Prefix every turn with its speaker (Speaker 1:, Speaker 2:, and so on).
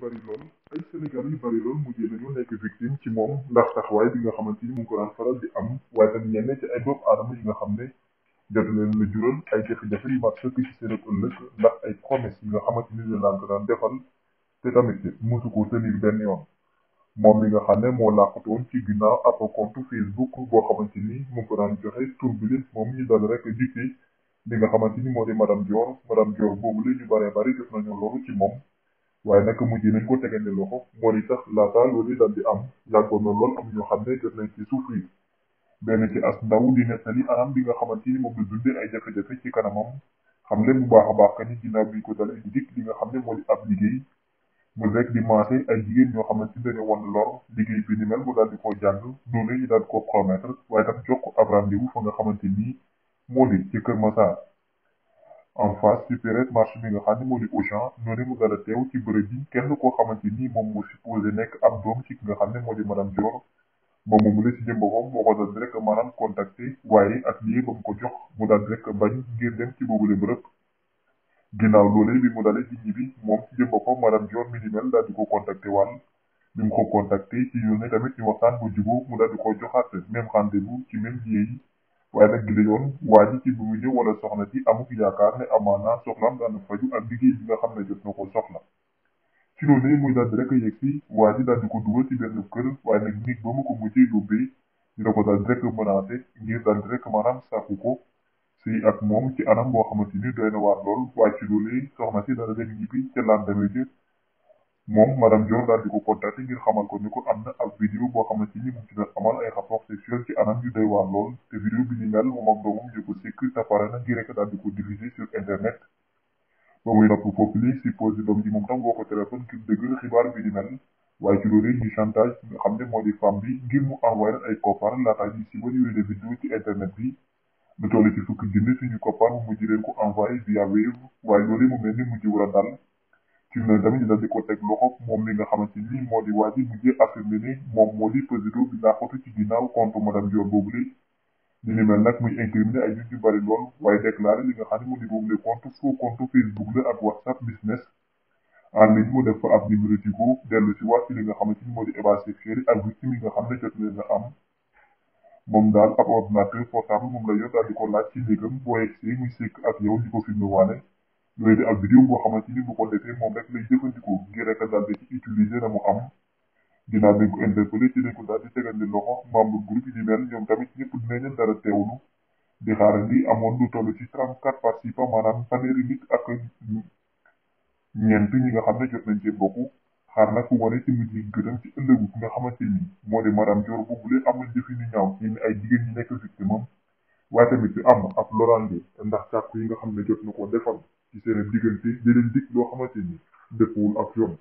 Speaker 1: bari lool ay sénégalais yu bari lool mujjee nañu nekk victime ci moom ndax taxawaay bi nga xamante ni mu daan faral di am waaye tamit ñenn ci ay doomu aadama yi nga xam ne jot leen la jural ay jafe-jafe yu mat sëkk ci seen ëllëg ndax ay promesse yi nga xamante ni leen daan ko daan defal te tamit mosu ko tenir benn yoon moom mi nga xam ne moo làqatoon ci ginnaaw ab compte Facebook boo xamante ni mu ngi ko daan joxe tur bi moom ñu dal rek jukkee li nga xamante ni moo di madame Dior madame Dior boobu la ñu baree bari def nañu ci moom waaye nag mujj nañ ko tegandi loxo moo di sax laata loolu daal di am yàggoon na lool am ñoo xam ne jot nañ ci souffrir benn ci as ndaw di nettali anam bi nga xamante ni moom la dundee ay jafe-jafe ci kanamam xam leen bu baax a baax que ni ginnaaw bi ko dalee di dikk li nga xam ne moo di ab liggéey mu rek di maase ay jigéen ñoo xamante ni dañoo wan lor liggéey bi ni mel mu daal di ko jàng noonu ñu daal ko promettre waaye tam jox ko ab rendez-vous fa nga xamante ni moo di ci Kër en face supérieure marché bi nga xam ne moo di Auchan noonu mu dara teew ci bërëb bi kenn koo xamante ni moom moo supposé nekk ab doom ci nga xam ne moo di madame Dior moom moomu la si jëm boppam moo ko doon rek maanaam waaye ak lii ba mu jox mu daal rek bañ ngir dem ci boobule bërëb ginnaaw loolee bi mu dalee ci ñibbi moom si jëm boppam ko contacté wàll bi mu ko contacté ci yónnee tamit ñu waxtaan bu jubóo mu daal di ko joxaat même rendez waaye nag gi la yoon waa ci bi mu wala soxna si amuk yaakaar ne amaana soxlaam daana faju ak liggéey bi xam ne jot ko soxla ci loolu muy daal di rek yegg si waa ji daal di ko dugal ci benn kër waaye nag nit ba mu ko mujjee yóbbee ñu da daal di rek menacé ngir daal di rek maanaam ko si ak moom ci anam boo xamante ni doy na waar lool waaye ci loolu soxna si dana dem ñibbi ca lendemain moom madame Dior daal di ko ngir xamal ko ni ko am na ab vidéo boo xamante ni mu ci doon amal ay rapport sexuel ci anam yu doy waar lool te vidéo bi ni mel moom ak doomam ko sékk te pare na ngir rek daal di ko sur internet ba muy nopp foofu supposé doom ji moom tam woo téléphone ngir bi ni mu envoyé ay koppar laataa ñuy si ban yooyu vidéo ci internet bi lu toll ci fukki junni suñu koppar mu mujj leen envoyé via Wave waaye loolu a ci loolu tamit dina décoté ak loxo moom mi nga xamante ni moo di waa ji mujjee affirmé ni moom moo di Pésido bi laaxatu ci ginnaaw contre madame Dior boobule li ni mel nag muy incriminé ay nit yu bari lool waaye déclaré li nga xam ne mu di boobule compte faux compte Facebook la ak WhatsApp business en ligne mu def fa ab numéro tigo dellu si waat ci li nga xamante ni moo di évasion xéeri ak victime yi nga xam ne jot leen a am moom daal ab ordinateur portable moom la yor daal di ko laaj ci néegam boo yegsee muy sekk ak yow di ko filmé waane yooyu di ab vidéo boo xamante ni bu ko defee rek lay jëfandikoo ngir rek daal di ci utiliser na mu am ginnaaw bi ñu ko interpellé ci lañ ko daal di tegal di loxo membre groupe yi ni mel ñoom tamit ñëpp dinañ leen dara teewlu di xaarandi amoon lu toll ci 34 participants maanaam fanweeri nit ak ñeent ñi nga xam ne jot nañ cee bokk xaar nag wane ci mujj yi gëtam ci ëllëgu nga xamante moo di madame Dior bu bu leen jëfi ni ñaaw ci ay jigéen ñi nekk victime am wa tamit di am ab te ndax sàkku yi nga xam ne jot na ko defal ci seen diggante di leen dig loo xamante ni dëppwul ak yoon